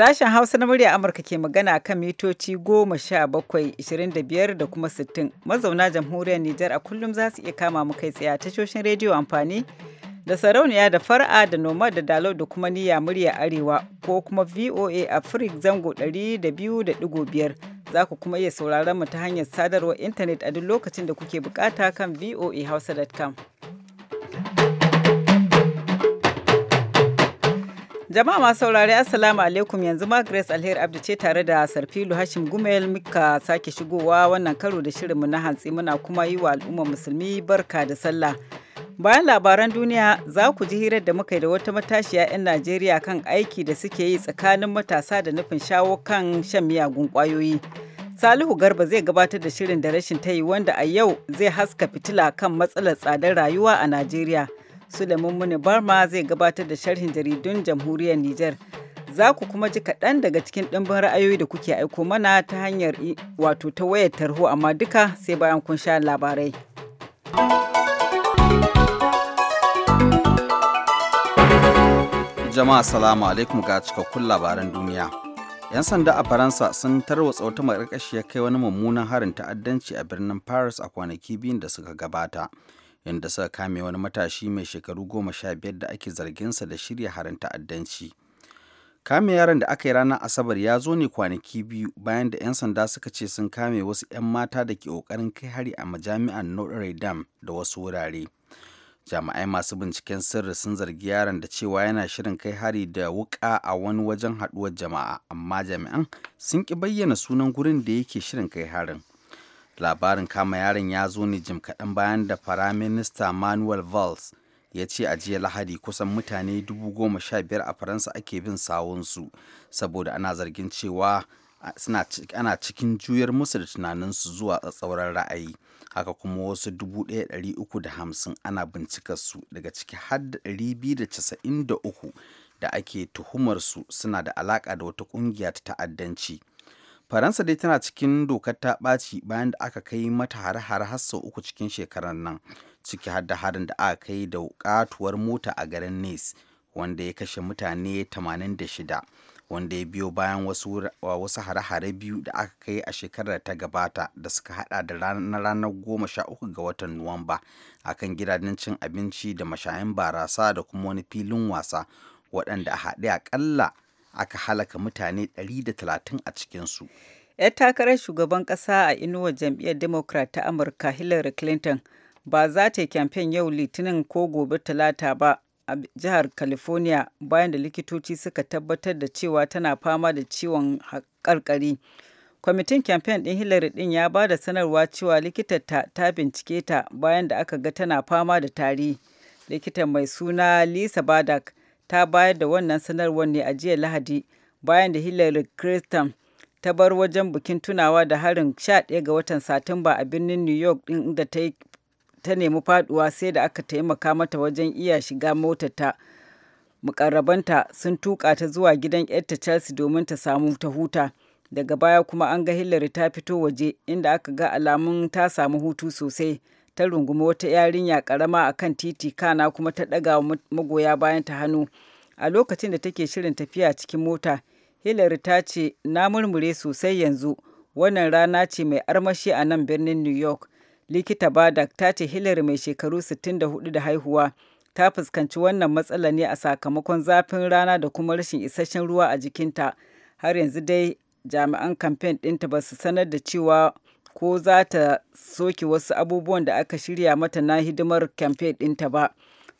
Sashen Hausa na murya Amurka ke magana kan mitoci goma sha bakwai, ishirin da biyar da kuma sittin. Mazauna jamhuriyar Nijar a kullum za su iya kama mu kai tsaye a tashoshin rediyo amfani da sarauniya da fara da noma da dalau da kuma niyya murya arewa ko kuma VOA Africa zango 200.5 za ku kuma iya sauraron mu ta hanyar sadarwar intanet a duk lokacin da kuke bukata kan voa hausa.com Jama'a masu saurari Assalamu alaikum yanzu ma Grace Alheri Abdu ce tare da Sarfilu Hashim Gumel muka sake shigowa wannan karo da mu na hantsi muna kuma yi wa al'ummar musulmi barka da sallah. Bayan labaran duniya za ku ji hirar da muka yi da wata matashiya 'yan Najeriya kan aiki da suke yi tsakanin matasa da nufin shawo kan shan miyagun ƙwayoyi. Salihu Garba zai gabatar da shirin da rashin ta yi wanda a yau zai haska fitila kan matsalar tsadar rayuwa a Najeriya. Suleiman Muni Barma zai gabatar da sharhin jaridun jamhuriyar Nijar. Za ku kuma ji kaɗan daga cikin ɗimbin ra'ayoyi da kuke aiko mana ta hanyar wato ta wayar tarho amma duka sai bayan kun sha labarai. Jama'a salamu alaikum ga cikakkun labaran duniya. 'Yan sanda a Faransa sun tarwatsa wata ya kai wani mummunan harin ta'addanci a birnin Paris a kwanaki biyun da suka gabata. inda suka kame wani matashi mai shekaru goma sha biyar da ake zargin sa da shirya harin ta'addanci kame yaron da aka yi ranar asabar ya zo ne kwanaki biyu bayan da 'yan sanda suka ce sun kame wasu 'yan mata da ke ƙoƙarin kai hari a majami'ar notre dame da wasu wurare jami'ai masu binciken sirri sun zargi yaron da cewa yana shirin kai hari da wuƙa a wani wajen haduwar jama'a amma jami'an sun ki bayyana sunan gurin da yake shirin kai harin labarin kama yaron ya zo ne jim kaɗan bayan da firaminista manuel valls ya ce a jiya lahadi kusan mutane dubu a faransa ake bin sawunsu saboda ana zargin cewa ana cikin juyar musu da tunaninsu zuwa tsauran ra'ayi haka kuma wasu 1,350 ana bincikarsu daga ciki har 293 da ake tuhumarsu suna da alaka da wata ƙungiya ta ta'addanci faransa dai tana cikin dokar ta ɓaci bayan da aka kai mata hare-hare har sau uku cikin shekarar nan ciki har da harin da aka kai da katuwar mota a garin nice wanda ya kashe mutane 86 wanda ya biyo bayan wasu, hare-hare biyu da aka kai a shekarar ta gabata da suka hada da ranar ranar goma sha uku ga watan nuwamba a kan gidajen cin abinci da mashayin barasa da kuma wani filin wasa waɗanda a haɗe akalla aka halaka mutane 130 a cikinsu. 'yar takarar shugaban kasa a inuwar jam'iyyar democrat ta amurka hillary clinton ba za ta yi kyamfen yau litinin ko gobe talata ba a jihar california bayan da likitoci suka tabbatar da cewa tana fama da ciwon karkari kwamitin kyamfen ɗin hillary ɗin ya ba da sanarwa cewa likitarta ta bincike ta bayan da aka ga tana fama da tari likitan mai suna lisa badak ta bayar da wannan sanarwar ne a jiya Lahadi bayan da Hillary Clinton ta bar wajen bikin tunawa da harin 11 ga watan Satumba a birnin New York ɗin da ta ta nemi faduwa sai da aka taimaka mata wajen iya shiga motarta. Mukarrabanta sun tuka ta zuwa gidan yarta Chelsea domin ta samu ta huta. Daga baya kuma an ga Hillary ta fito waje inda aka ga alamun ta samu hutu sosai. ta rungumi wata yarinya karama a kan titi kana kuma ta ɗaga magoya bayan ta hannu a lokacin da take shirin tafiya cikin mota hillary ta ce na murmure sosai yanzu wannan rana ce mai armashi a nan birnin new york likita badak ta ce hillary mai shekaru 64 da haihuwa ta fuskanci wannan matsala ne a sakamakon zafin rana da kuma rashin isasshen ruwa a jikinta har yanzu dai jami'an kamfen ɗinta ba su sanar da cewa ko za ta soke wasu abubuwan da aka shirya mata na hidimar campaign ɗinta ba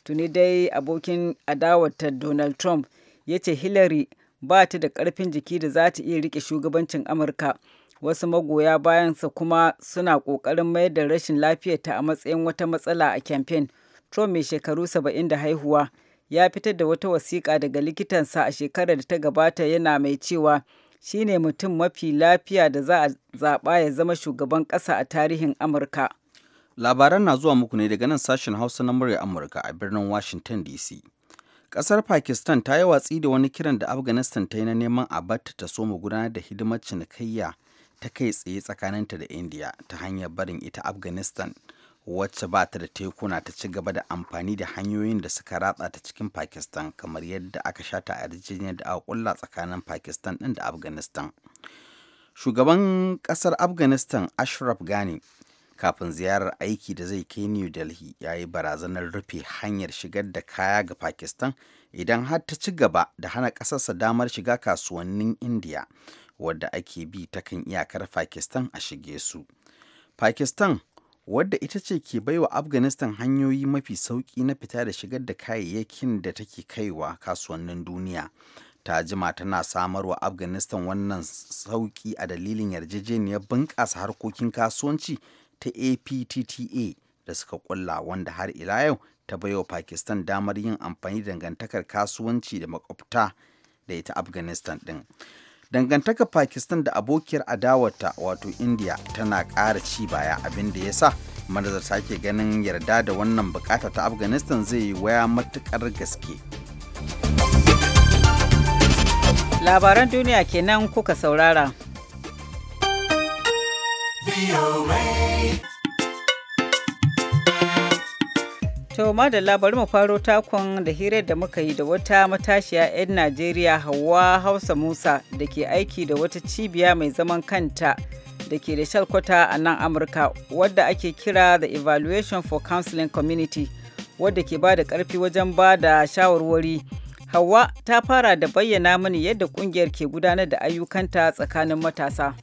tuni dai abokin adawarta donald trump ya ce hillary ba ta da ƙarfin jiki da za ta iya rike shugabancin amurka wasu magoya bayansa kuma suna ƙoƙarin mayar da rashin lafiyarta a matsayin wata matsala a kamfen trump mai shekaru saba'in da haihuwa ya fitar da wata wasiƙa daga likitansa a shekarar da ta gabata yana mai cewa shine mutum mafi lafiya da za a zaɓa ya zama shugaban ƙasa a tarihin Amurka. Labaran na zuwa muku ne daga nan sashen Hausa na murya Amurka a birnin Washington DC. Ƙasar Pakistan ta yi watsi da wani kiran da Afghanistan ta yi na neman a batta ta mu gudanar da hidimar cinikayya ta kai tsaye tsakaninta da India ta hanyar barin ita Afghanistan. wacce ba ta da tekuna ta ci gaba da amfani da hanyoyin da suka ratsa ta cikin pakistan kamar yadda aka shata a yarjejeniyar da aka kulla tsakanin pakistan din da afghanistan shugaban kasar afghanistan ashraf ghani kafin ziyarar aiki da zai kai new delhi ya yi barazanar rufe hanyar shigar da kaya ga pakistan idan har ta ci gaba da hana ƙasarsa damar shiga kasuwannin india wadda ake bi takan iyakar pakistan a shige su pakistan wadda ita ce ke baiwa afghanistan hanyoyi mafi sauki na fita da shigar da kayayyakin da take kaiwa kasuwannin duniya ta jima tana samar wa afghanistan wannan sauki a dalilin yarjejeniyar bunƙasa harkokin kasuwanci ta aptta da suka kulla wanda har ila yau ta baiwa pakistan damar yin amfani da dangantakar kasuwanci da makwabta da ita afghanistan din dangantaka pakistan da abokiyar adawarta wato india tana ƙara ci baya abin da ya sa manazarta ke ganin yarda da wannan bukata ta afghanistan zai yi waya matukar gaske labaran duniya kenan kuka saurara To da bari mu faro takon da hirar da muka yi da wata matashiya 'yan Najeriya Hauwa Hausa Musa da ke aiki da wata cibiya mai zaman kanta da ke da shalkwata a nan Amurka wadda ake kira The Evaluation for Counseling Community wadda ke ba da ƙarfi wajen ba da shawarwari. Hauwa ta fara da bayyana mani yadda ƙungiyar ke gudanar da ayyukanta tsakanin matasa.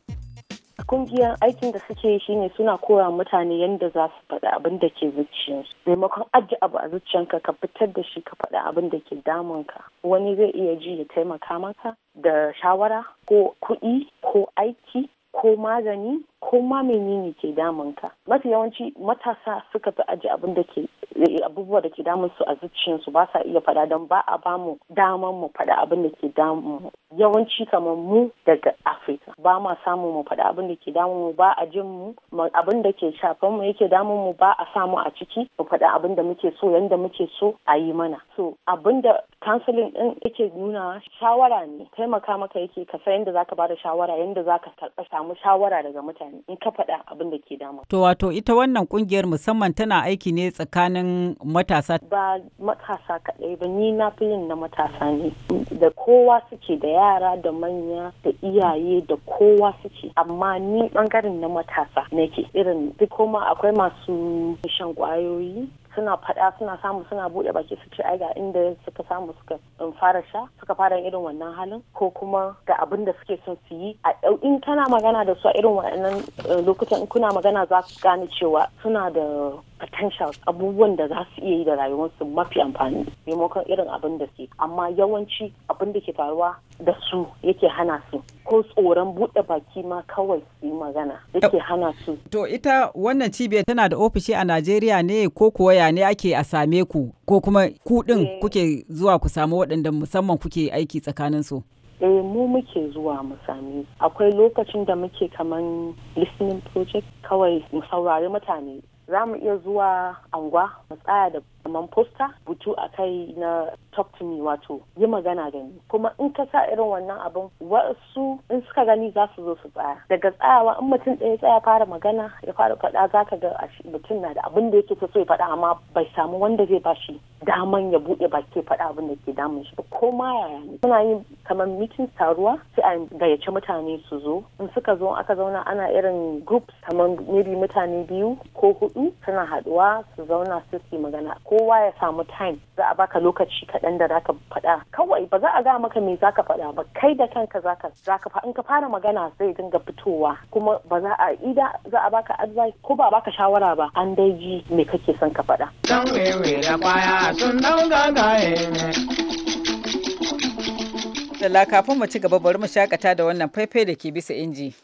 kungiyar aikin da suke yi shine suna koya mutane yadda za su faɗi abin da ke zuciyarsu maimakon aji abu a zuciyarka ka fitar da shi ka faɗi abin da ke damun ka. wani zai iya ji ya taimaka maka da shawara ko kuɗi ko aiki ko magani Ko ma menene ke damun ka mafi yawanci matasa suka fi aji abin da ke eh, abubuwa da ke damun su a zuciyarsu ba sa iya fada don ba a ba mu daman mu fada abin da ke damun mu yawanci kamar mu daga afirka ba ma samun mu fada abin da ke damun mu ba a jin mu abin da ke shafan mu yake damun mu ba a samu a ciki mu fada abin da muke so yanda muke so a yi mana so abin da kansilin din yake nuna shawara ne taimaka maka yake ka san yanda zaka bada shawara yanda zaka samu shawara daga mutane in ka faɗa abin da ke dama. To wato ita wannan kungiyar musamman tana aiki ne tsakanin matasa. Ba matasa kaɗai ba ni na fi yin na matasa ne da kowa suke da yara da manya da iyaye da kowa suke amma ni ɓangaren na matasa nake irin duk kuma akwai masu shan kwayoyi suna faɗa suna samu suna buɗe baki su ce aiga ga inda suka samu suka um, fara sha suka fara irin wannan halin ko kuma ga abin da suke son su yi a in kana magana da su a irin wannan uh, lokutan in kuna magana za su gane cewa suna da potential abubuwan da za su iya yi da rayuwarsu mafi amfani maimakon irin abin da su amma yawanci abin da ke faruwa da su yake hana su ko tsoron buɗe baki ma kawai su yi magana yake hana su. To ita wannan cibiyar tana da ofishi a Najeriya ne ko kuwa ya ne ake a same ku ko kuma ku din eh. kuke zuwa ku samu waɗanda musamman kuke aiki tsakanin su. eh mu muke zuwa mu sami akwai lokacin da muke kaman listening project kawai mu saurari mutane za mu iya zuwa angwa mu tsaya da kamar posta butu a kai na talk to me wato yi magana da ni kuma in ka sa irin wannan abin wasu in suka gani za su zo su tsaya daga tsayawa in mutum ɗaya tsaya fara magana ya fara faɗa za ka ga mutum na da abin da yake so ya faɗa amma bai samu wanda zai bashi daman ya buɗe ke faɗa abin da ke damun shi ko ma yaya ne suna yin kamar mitin taruwa sai a gayyaci mutane su zo in suka zo aka zauna ana irin groups kamar maybe mutane biyu ko hudu suna haɗuwa su zauna su magana ko kowa ya samu time za a baka lokaci kaɗan da zaka faɗa kawai ba za a ga maka me zaka faɗa ba kai da kanka zaka zaka in ka fara magana zai dinga fitowa kuma ba za a ida za a baka advice ko ba baka shawara ba an dai ji me kake son ka faɗa. da kwaya Da kafin mu ci gaba bari mu shakata da wannan faifai da ke bisa inji.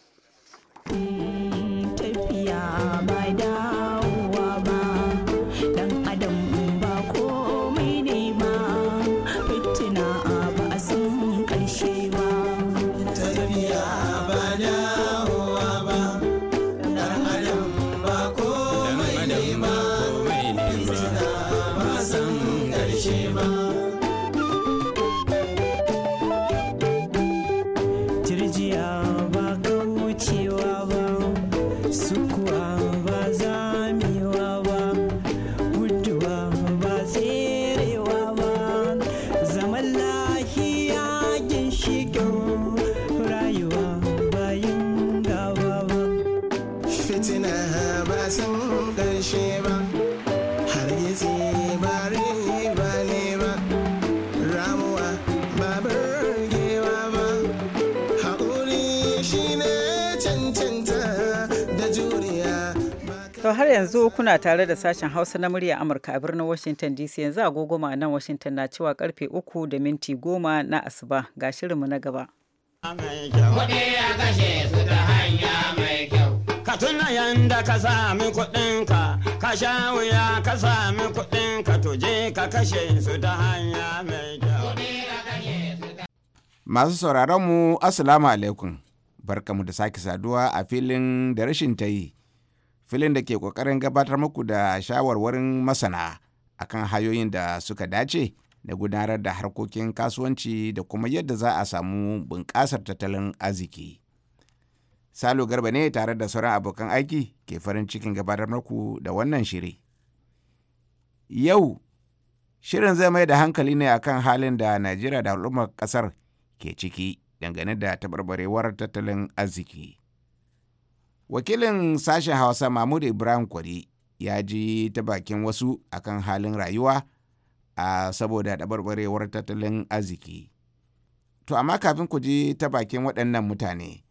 To har yanzu kuna tare da sashen Hausa na murya Amurka a birnin Washington DC yanzu agogoma nan Washington na cewa karfe uku da minti goma na asuba ga shirinmu na gaba. Ka yanda ka kuɗinka, ka ka sami kuɗinka kashe su Masu sauraron mu Assalamu alaikum, barkamu da sake saduwa a filin da rashin ta yi. filin da ke kokarin gabatar muku da shawarwarin masana akan hayoyin da suka dace na gudanar da harkokin kasuwanci da kuma yadda za a samu bunƙasar tattalin arziki. Salo Garba ne tare da sauran abokan aiki ke farin cikin gabatar muku da wannan shiri. Yau, shirin zai mai da hankali ne akan halin da Najeriya da al'ummar ƙasar ke ciki dangane da taɓarɓarewar tattalin arziki. wakilin sashen hausa mahmud ibrahim kwari ya ji ta bakin wasu akan halin rayuwa a saboda dabarbarewar tattalin arziki to amma kafin ku ji ta bakin waɗannan mutane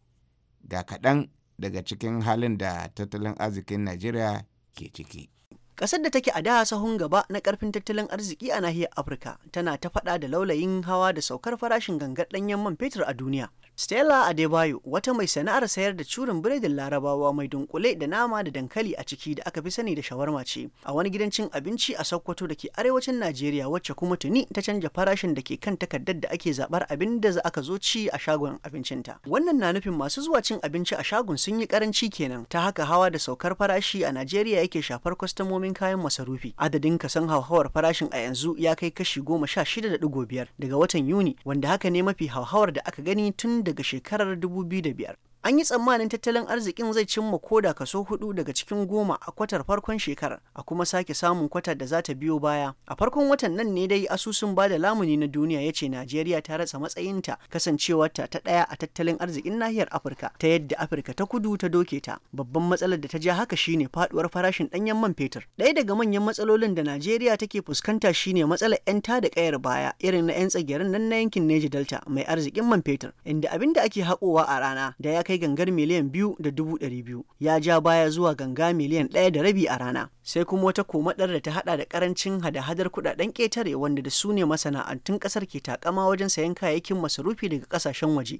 ga kaɗan daga cikin halin da tattalin arzikin najeriya ke ciki Ƙasar da take a da sahun gaba na ƙarfin tattalin arziki a nahiyar Afirka tana ta faɗa da laulayin hawa da saukar farashin gangar ɗanyen man fetur a duniya. Stella Adebayo wata mai sana'ar sayar da curin biredin larabawa mai dunkule da nama da dankali a ciki da aka fi sani da shawarma ce a wani gidan cin abinci a Sokoto da ke arewacin Najeriya wacce kuma tuni ta canja farashin da ke kan takardar da ake zabar abin da za aka zo ci a shagon abincinta. Wannan na nufin masu zuwa cin abinci a shagon sun yi karanci kenan ta haka hawa da saukar farashi a Najeriya yake shafar kwastamomin kayan masarufi. Adadin kasan hauhawar farashin a yanzu ya kai kashi goma sha shida da ɗigo biyar daga watan Yuni wanda haka ne mafi hauhawar da aka gani tun daga shekarar 2005. an yi tsammanin tattalin arzikin zai cimma koda kaso hudu daga cikin goma a kwatar farkon shekarar a kuma sake samun kwatar da za ta biyo baya a farkon watan nan ne dai asusun ba da lamuni na duniya ya ce najeriya ta ratsa matsayinta kasancewarta ta ɗaya a tattalin arzikin nahiyar afirka ta yadda afirka ta kudu ta doke ta babban matsalar da ta ja haka shine faduwar farashin ɗanyen man fetur ɗaya daga manyan matsalolin da najeriya take fuskanta shine matsalar 'yan ta da kayar baya irin na 'yan tsagiyar nan na yankin neja delta mai arzikin man fetur inda abin da ake haƙowa a rana da ya kai kai gangar miliyan biyu da dubu ɗari biyu ya ja baya zuwa ganga miliyan ɗaya da rabi a rana sai kuma wata komadar da ta haɗa da karancin hada-hadar kudaden ƙetare wanda da su ne masana'antun ƙasar ke takama wajen sayan kayayyakin masarufi daga ƙasashen waje.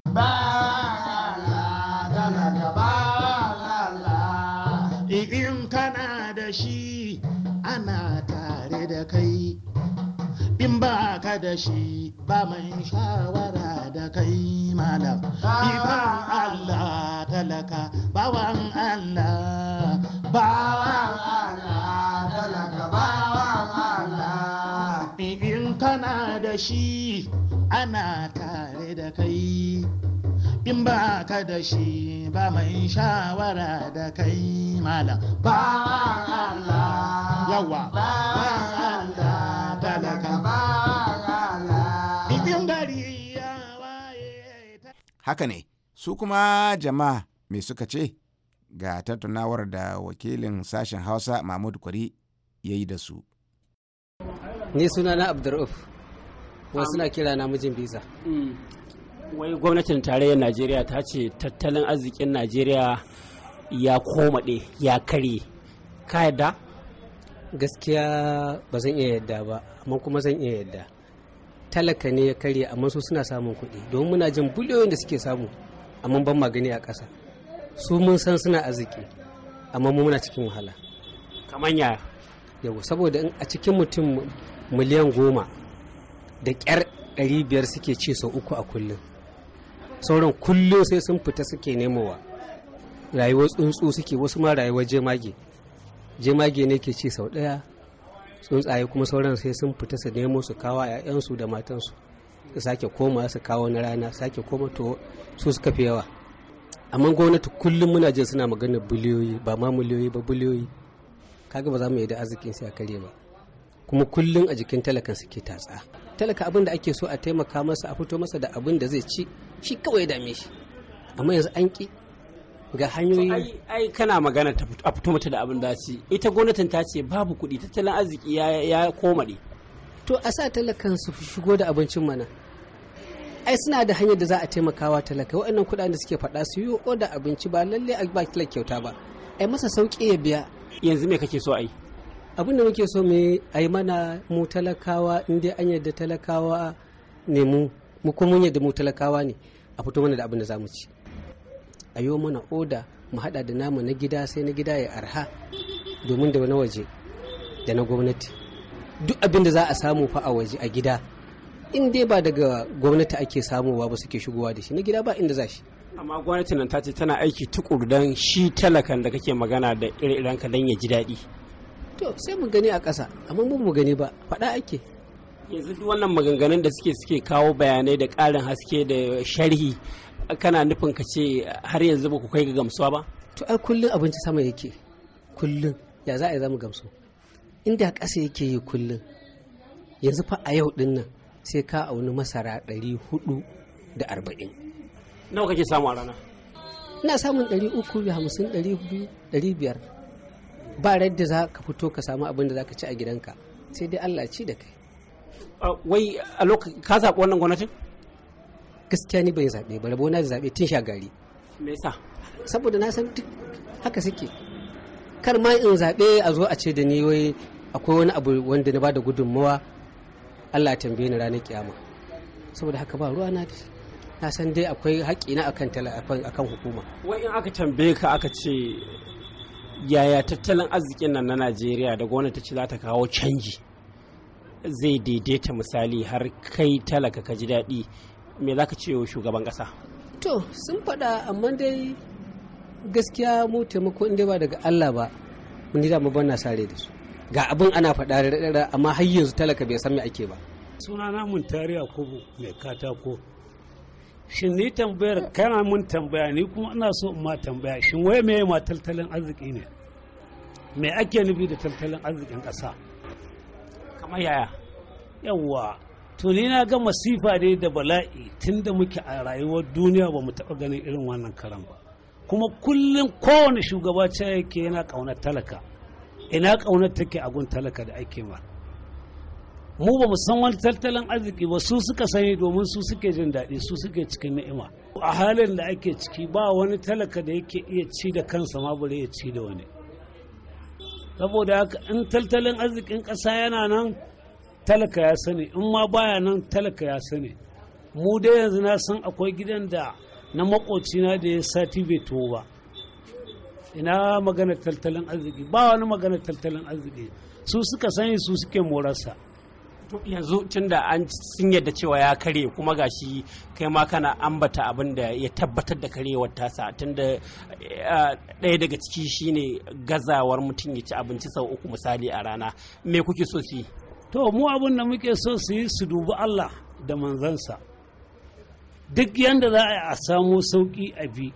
ana tare da kai in ba ka da shi ka da shi ba mai shawara da kai malam ba Allah yawa ba Allah talaka ba Allah ya waye haka ne su kuma jama'a me suka ce ga tattaunawar da wakilin sashen hausa mahmud kwari ya yi da su ni suna na abdur'uf wasu na kira na mijin biza mm. wai gwamnatin tarayyar najeriya ta ce tattalin arzikin najeriya ya komaɗe ya karye ka yadda gaskiya ba zan iya yadda ba amma kuma zan iya yadda talaka ne ya karye amma su suna samun kuɗi domin muna jin biliyoyin da suke samu amma ban magani a ƙasa su mun san suna arziki amma mu muna cikin wahala kamar ya yau saboda in a cikin mutum miliyan goma da ƙyar biyar suke ci sau uku a kullum sauran kullum sai sun fita suke nemowa rayuwar tsuntsu suke wasu ma rayuwar jemage jemage ne ke ci sau ɗaya tsuntsaye kuma sauran sai sun fita su nemo su kawo ‘ya'yansu da matansu su sake koma su kawo na rana sake koma to su suka fi yawa amma gwamnati kullum muna jin suna magana biliyoyi ba ma miliyoyi ba biliyoyi kaga ba za mu yi da arzikin sai a kare ba kuma kullum a jikin talakan suke tatsa talaka abin da ake so a taimaka masa a fito masa da abin da zai ci shi kawai ya dame shi amma yanzu an ki ga hanyoyi ai kana magana a fito mata da abin da ci ita gwamnatin ta ce babu kuɗi tattalin arziki ya ya ne to a sa talakan su shigo da abincin mana ai suna da hanyar da za a taimakawa talaka waɗannan kuɗaɗen da suke faɗa su yi da abinci ba lalle a ba talaka kyauta ba ai masa sauƙi ya biya yanzu me kake so ai abin da muke so mu ai mana mu talakawa in dai an yarda talakawa ne mu mu kuma mun yarda mu talakawa ne a fito mana da abin da zamu ci a yi mana oda mu hada da nama na gida sai na gida ya arha domin da na waje da na gwamnati duk abin da za a samu fa a waje a gida in dai ba daga gwamnati ake samuwa ba suke shigowa da shi na gida ba inda za shi amma gwamnatin nan ta ce tana aiki tukuru don shi talakan da kake magana da irin irenka don ya ji daɗi to sai mu gani a ƙasa amma mu gani ba faɗa ake yanzu duk wannan maganganun da suke suke kawo bayanai da ƙarin haske da sharhi kana nufin ka ce har yanzu ba ku kai ga gamsuwa ba to ai kullum abinci sama yake kullum ya za a yi zama gamsu inda ƙasa yake yi kullum yanzu fa a yau din nan sai ka auni masara ɗari hudu da arba'in nawa kake samu a rana ina samun ɗari uku da hamsin ɗari hudu ɗari biyar ba da za ka fito ka samu abin da za ka ci a gidanka sai dai allah ci da kai Uh, wai a lokacin ka zaɓi wannan gwamnatin gaskiya ni bai zaɓe ba rabo na da zaɓe tun shagari me yasa saboda na san duk haka suke kar ma in zaɓe a zo a ce da ni wai akwai wani abu wanda na bada gudunmawa Allah ya tambaye ni ranar kiyama saboda haka ba ruwa na na san dai akwai haƙƙi na akan akan hukuma wai in aka tambaye ka aka ce yaya tattalin arzikin nan na Najeriya da gwamnati ce za ta kawo canji zai daidaita misali har kai talaka ka ji daɗi me za ka ce wa shugaban ƙasa to sun faɗa amma dai gaskiya mu taimako inda ba daga allah ba mun ji dama ban na sare da su ga abin ana faɗa da amma har yanzu talaka bai san me ake ba suna na mun a kubu mai katako shin ni tambayar kana mun tambaya ni kuma ina so in ma tambaya shin wai me ma tattalin arziki ne me ake nufi da tattalin arzikin ƙasa kamar yaya yawwa to ni na ga masifa ne da bala'i tun da muke a rayuwar duniya ba mu taɓa ganin irin wannan karan ba kuma kullum kowane shugaba ce yake yana ƙaunar talaka ina ƙaunar take a gun talaka da ake ma mu ba mu san wani tattalin arziki ba su suka sani domin su suke jin daɗi su suke cikin ni'ima a halin da ake ciki ba wani talaka da yake iya ci da kansa ma bare ya ci da wani saboda haka in tattalin arzikin ƙasa yana nan talaka ya sani in ma baya nan talaka ya sani mu dai yanzu na san akwai gidan da na makocina da ya sati bai to ba ina magana tattalin arziki ba wani magana tattalin arziki su suka sani su suke morarsa yanzu tun da an sun yadda cewa ya kare kuma gashi kai ma kana ambata abin da ya tabbatar da karewar tasa tun da eh, ɗaya daga ciki shine gazawar mutum ya ci abinci sau uku misali a rana me kuke so su to mu abin da muke so su yi su dubi allah da manzansa duk yadda za a samu sauki a bi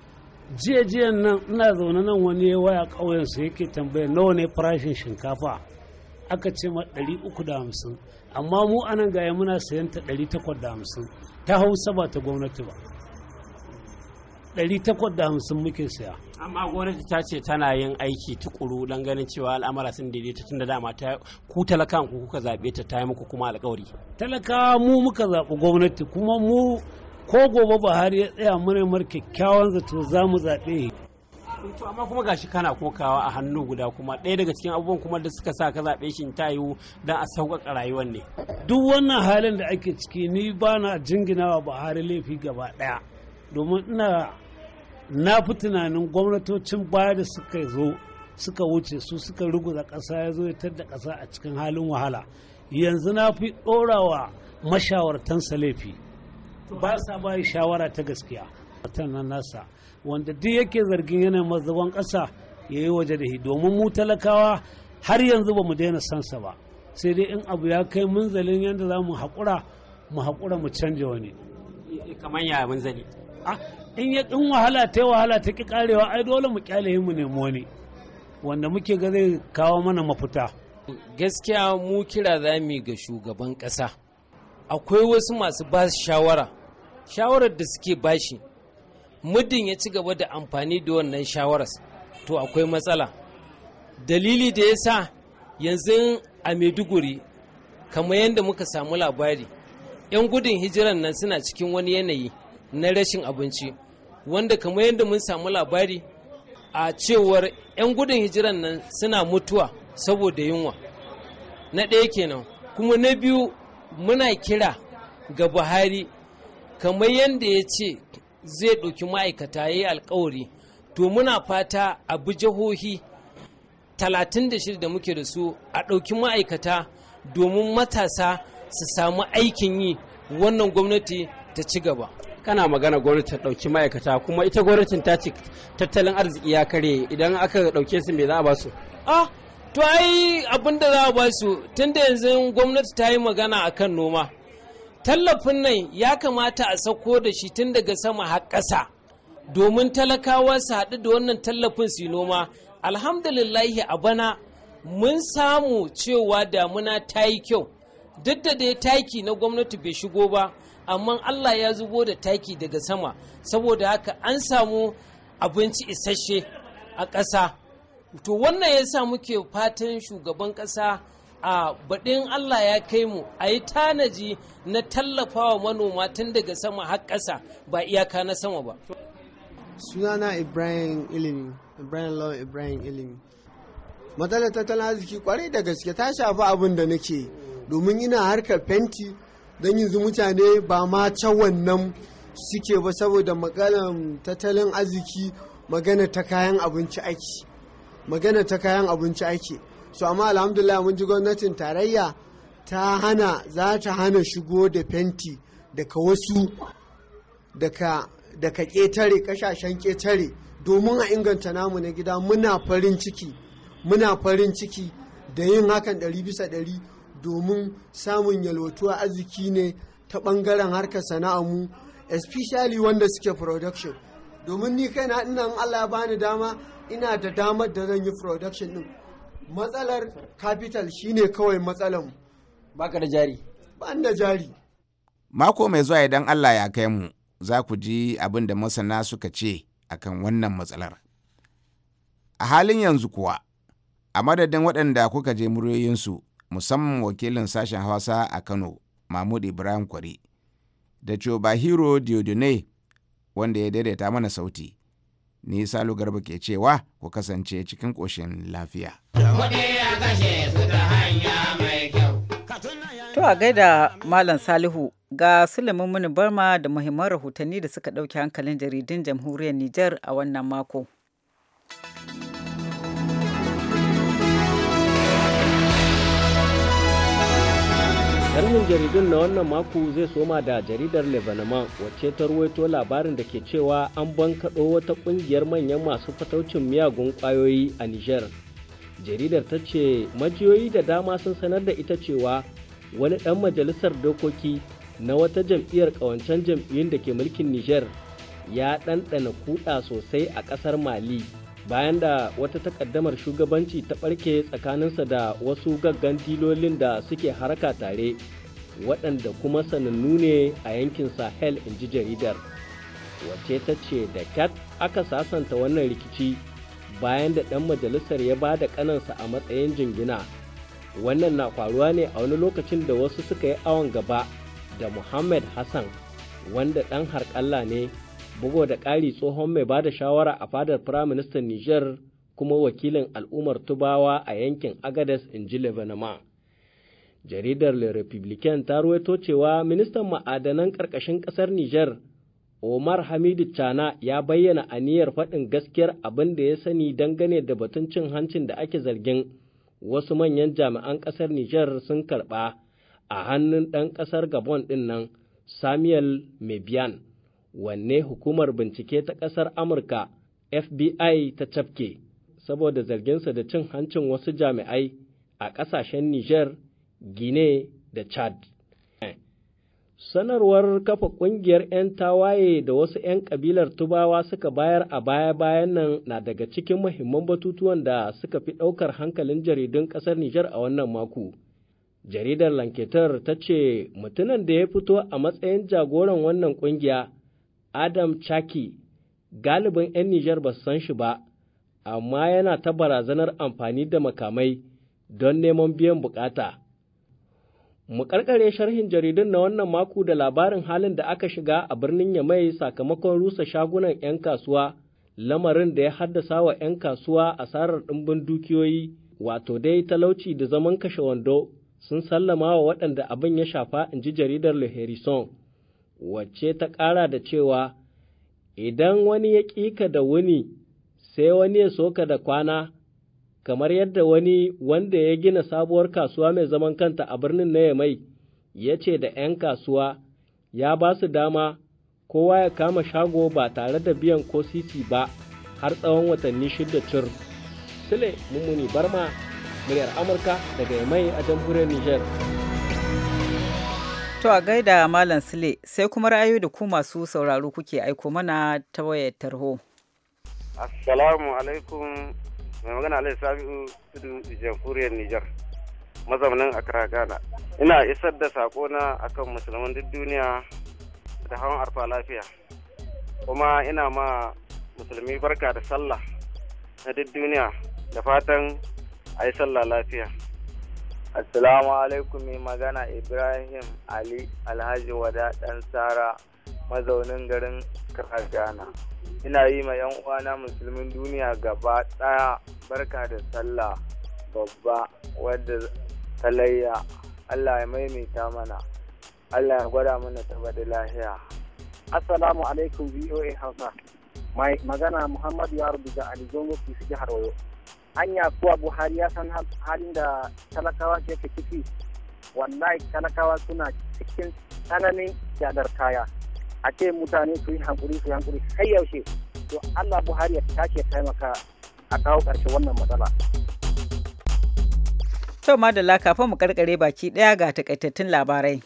jiya jiyan nan ina zaune nan wani ya waya ƙauyensu yake tambaya nawa ne farashin shinkafa aka ce ma 350 amma mu anan gaya muna sayan ta 850 ta hausa ba ta gwamnati ba 850 muke saya amma gwamnati ta ce tana yin aiki tukuru don ganin cewa al'amara sun daidaita tun da dama ta ku talakan ku kuka zaɓe ta yi muku kuma alkawari talaka mu muka zaɓi gwamnati kuma mu ko gobe buhari ya tsaya mana mar kyakkyawan zato za mu zaɓe to amma kuma gashi kana kokawa a hannu guda kuma ɗaya daga cikin abubuwan kuma da suka sa ka zaɓe shi ta yiwu don a sauƙaƙa rayuwar ne duk wannan halin da ake ciki ni ba na jinginawa buhari laifi gaba ɗaya domin ina na fi tunanin gwamnatocin baya da suka zo suka wuce su suka ruguza ƙasa ya zo ya da ƙasa a cikin halin wahala yanzu na fi ɗorawa mashawartansa laifi ba sa ba shawara ta gaskiya nasa wanda duk yake zargin yana mazaban ƙasa ya yi waje da shi domin mu talakawa har yanzu ba mu daina sansa ba sai dai in abu ya kai munzalin yadda za mu haƙura mu haƙura mu canja wani in ya ɗin wahala ta wahala ta ƙi ƙarewa ai dole mu kyale mu nemi wani wanda muke ga zai kawo mana mafita gaskiya mu kira zami ga shugaban ƙasa akwai wasu masu ba shawara shawarar da suke bashi muddin ya ci gaba da amfani da wannan shawaras to akwai matsala dalili da ya sa yanzu a maiduguri kamar yadda muka samu labari 'yan gudun hijiran nan suna cikin wani yanayi na rashin abinci wanda kamar yadda mun samu labari a cewar 'yan gudun hijiran nan suna mutuwa saboda yunwa na ɗaya kenan kuma na biyu muna kira ga buhari kamar yadda ya ce zai ɗauki ma'aikata ya yi alkawari to muna fata a bi jihohi 36 da muke da su a ɗauki ma'aikata domin matasa su samu aikin yi wannan gwamnati ta ci gaba kana magana gwamnati ta ɗauki ma'aikata kuma ita gwamnatin ta ci tattalin arziki ya kare idan aka ɗauke su me za a ba su ah to ai abin da za a ba su tunda yanzu gwamnati ta yi magana akan noma tallafin nan ya kamata a sauko da shi tun daga sama har ƙasa domin talakawa su haɗu da wannan tallafin su noma alhamdulillahi a bana mun samu cewa damuna ta yi kyau duk da dai taki na gwamnati bai shigo ba amma allah ya zubo da taki daga sama saboda haka an samu abinci isasshe a ƙasa to wannan ya sa muke fatan shugaban ƙasa a baɗin Allah ya kai mu a yi tanaji na tallafawa manoma tun daga sama har ƙasa ba iyaka na sama ba. Sunana Ibrahim Ilimi, Ibrahim Law Ibrahim Ilimi. Matsalar tattalin arziki kwarai da gaske ta shafi abin da nake domin ina harkar fenti don yanzu mutane ba ma can wannan suke ba saboda maganar tattalin arziki Magana ta kayan abinci ake. so amma alhamdulillah mun ji gwamnatin tarayya ta hana za ta hana shigo da fenti daga wasu daga ƙetare kashashen ƙetare domin a inganta namu na gida muna farin ciki muna farin ciki da yin hakan ɗari bisa ɗari domin samun yalwatuwa arziki ne ta ɓangaren harkar mu especially wanda suke production domin ni kaina ina Allah ya bani dama ina da damar da zan yi production din. matsalar capital shine kawai matsalan baka da jari ban da jari mako mai zuwa idan Allah ya kai mu za ku ji abin da masana suka ce akan wannan matsalar a halin yanzu kuwa a madadin waɗanda kuka je muryoyinsu musamman wakilin sashen hausa a kano mahmud ibrahim kwari da chobahiro diodone wanda ya daidaita mana sauti ni salo garba ke cewa ku kasance cikin ƙoshin lafiya. To a gaida Malam Salihu ga sulamin Muni Barma da muhimman rahotanni da suka ɗauki hankalin jaridun jamhuriyar Nijar a wannan mako. Karnin jaridun na wannan mako zai soma da jaridar Lebanon wacce ta ruwaito labarin da ke cewa an bankaɗo wata ƙungiyar manyan masu fataucin miyagun ƙwayoyi a Niger? Jaridar ta ce majiyoyi da dama sun sanar da ita cewa wani ɗan majalisar dokoki na wata jam'iyyar ƙawancen jam'iyyun da ke mulkin Niger ya ɗanɗana kuɗa sosai a ƙasar Mali. bayan da wata takaddamar shugabanci ta ɓarke tsakaninsa da wasu gaggan dilolin da suke haraka tare waɗanda kuma sanannu ne a yankin sahel in ji jaridar wace ta ce da kat aka sasanta wannan rikici bayan da ɗan majalisar ya ba da ƙanansa a matsayin jingina wannan na faruwa ne a wani lokacin da wasu suka yi awon gaba da muhammad hassan wanda ɗan harƙalla ne bugo da ƙari tsohon mai bada shawara a fadar firaministan Nijar kuma wakilin al'ummar tubawa a yankin Agades inji Lebanama. Jaridar Le Republican ta ruwaito cewa ministan ma'adanan ƙarƙashin ƙasar Nijar Omar Hamidu Chana ya bayyana aniyar faɗin gaskiyar abin da ya sani dangane da batun cin hancin da ake zargin wasu manyan jami'an ƙasar Nijar sun karɓa a hannun ɗan ƙasar Gabon ɗin nan Samuel Mebian. wanne hukumar bincike ta ƙasar Amurka FBI ta cafke saboda zarginsa da cin hancin wasu jami'ai a ƙasashen Niger, Guinea da Chad. Sanarwar kafa ƙungiyar ‘yan tawaye da wasu ‘yan ƙabilar Tubawa suka bayar a baya-bayan nan na daga cikin muhimman batutuwan da suka fi ɗaukar hankalin jaridun ƙasar Nijar a wannan mako. Jaridar Lanketar ta ce mutumin da ya fito a matsayin jagoran wannan ƙungiya Adam Chaki galibin 'yan Nijar ba san shi ba, amma yana ta barazanar amfani da makamai don neman biyan bukata. Mu ƙarƙare sharhin jaridun na wannan mako da labarin halin da aka shiga a birnin Yamai sakamakon rusa shagunan 'yan kasuwa, lamarin da ya haddasa wa 'yan kasuwa asarar ɗimbin dukiyoyi, wato dai talauci da zaman kashe wando sun sallama wa waɗanda abin ya shafa in ji jaridar Le Harrison. wacce ta ƙara da cewa, Idan wani ya ƙika da wuni, sai wani ya soka da kwana, kamar yadda wani wanda ya gina sabuwar kasuwa mai zaman kanta a birnin na mai ya ce da ‘yan kasuwa ya ba su dama kowa ya kama shago ba tare da biyan ko sisi ba har tsawon watanni shida cir. Sule Mummuni Barma, muryar Amurka daga mai a jamhuriyar Nijar. To a gaida Malam Sule sai kuma ra'ayoyi da ku masu sauraro kuke aiko mana ta wayar tarho. Assalamu alaikum mai magana Alayhi Sabi'u Tudu Jamhuriyar Nijar mazaunin Accra Ghana. Ina isar da sako na akan musulman duk duniya da hawan arfa lafiya. Kuma ina ma musulmi barka da sallah na duk duniya da fatan a yi sallah lafiya. Assalamu alaikum mai magana Ibrahim Ali Alhaji Wada ɗan Sara mazaunin garin Ghana. Ina yi ma 'yan uwana musulmin duniya gaba ɗaya barka da sallah babba wadda talayya Allah ya maimaita mana. Allah ya gwada mana da lahiya. Assalamu alaikum VOA Hausa. Mai magana Muhammadu Yaro daga Alizongo Kisi jihar Oyo. anya kuwa buhari ya san halin da talakawa ke ciki wallahi talakawa suna cikin tsananin jadar kaya a ce mutane su yi hankuri su hankuri sai yaushe to allah buhari ya tashi taimaka a kawo ƙarshe wannan matsala to madalla kafin mu karkare baki ɗaya ga takaitattun labarai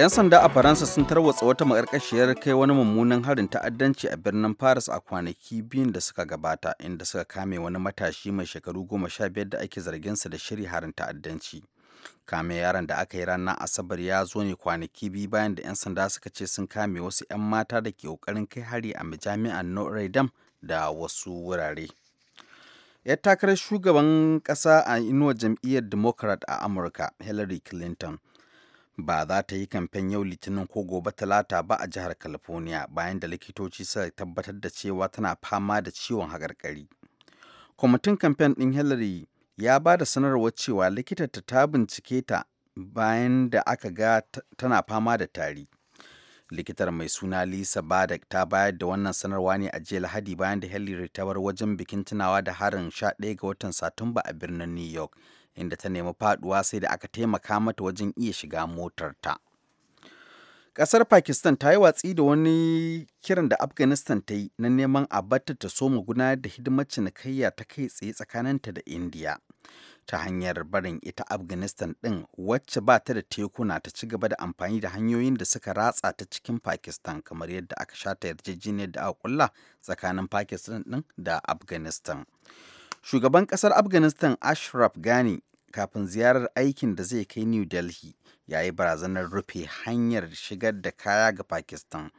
'Yan sanda a Faransa sun tarwatsa wata makarkashiyar kai wani mummunan harin ta'addanci a birnin Paris a kwanaki biyun da suka gabata inda suka kame wani matashi mai shekaru goma sha biyar da ake zarginsa da shiri harin ta'addanci. Kame yaron da aka yi ranar Asabar ya zo ne kwanaki biyu bayan da 'yan sanda suka ce sun kame wasu 'yan mata da ke kokarin kai hari a majami'ar Notre Dame da wasu wurare. 'Yar takarar shugaban kasa a inuwar jam'iyyar Democrat a Amurka, Hillary Clinton, ba za ta yi kamfen yau litinin ko gobe talata ba a jihar california bayan da likitoci suka tabbatar da cewa tana fama da ciwon haƙarƙari kwamitin kamfen ɗin hillary ya ba da sanarwar cewa likitarta ta bincike ta bayan da aka ga tana fama da tari likitar mai suna lisa badak ta bayar da wannan sanarwa ne a jiya lahadi bayan da hillary ta bar wajen bikin tunawa da harin 11 ga watan satumba a birnin new york inda ta nemi faduwa sai da aka taimaka mata wajen iya shiga motarta. Ƙasar Pakistan ta yi watsi da wani kiran da Afghanistan ta yi na neman a ta so gudanar da hidimar cinikayya ta kai tsaye tsakaninta da india ta hanyar barin ita afghanistan ɗin wacce ba ta da tekuna ta ci gaba da amfani da hanyoyin da suka ratsa ta cikin pakistan kamar yadda aka shata yarjejeniyar da aka kulla tsakanin pakistan ɗin da afghanistan Shugaban ƙasar Afghanistan Ashraf Ghani kafin ziyarar aikin da zai kai New Delhi ya yi barazanar rufe hanyar shigar da kaya ga Pakistan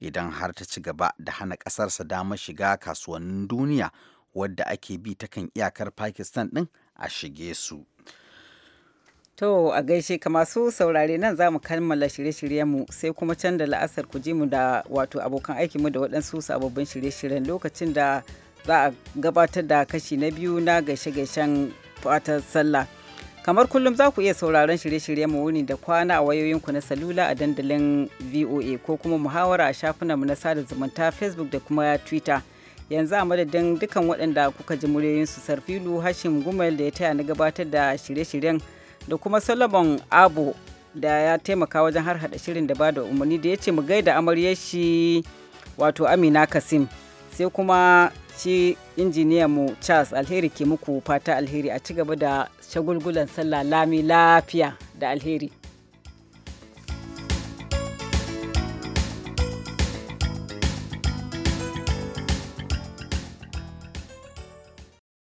idan har ta ci gaba da hana ƙasarsa damar shiga kasuwannin duniya wadda ake bi ta kan iyakar Pakistan ɗin a shige su. To a gaishe ka masu saurare nan za mu kammala shirye-shiryenmu sai kuma can da la'asar ku ji mu da wato abokan aikinmu da waɗansu sababbin shirye-shiryen lokacin da za a gabatar da kashi na biyu na gaishe-gaishen fatar sallah kamar kullum za ku iya sauraron shirye-shirye mu wuni da kwana a wayoyinku na salula a dandalin voa ko kuma muhawara a shafinanmu na sada zumunta facebook da kuma twitter yanzu a madadin dukkan waɗanda kuka ji muryoyinsu sarfilu hashim gumel da ya taya na gabatar da shirye-shiryen da kuma solomon abu da ya taimaka wajen har hada shirin da ba da umarni da ya ce mu gaida amaryar shi wato amina kasim sai kuma shi injiniyan mu charles alheri ke muku fata alheri a ci gaba da shagulgulan sallah lami lafiya da alheri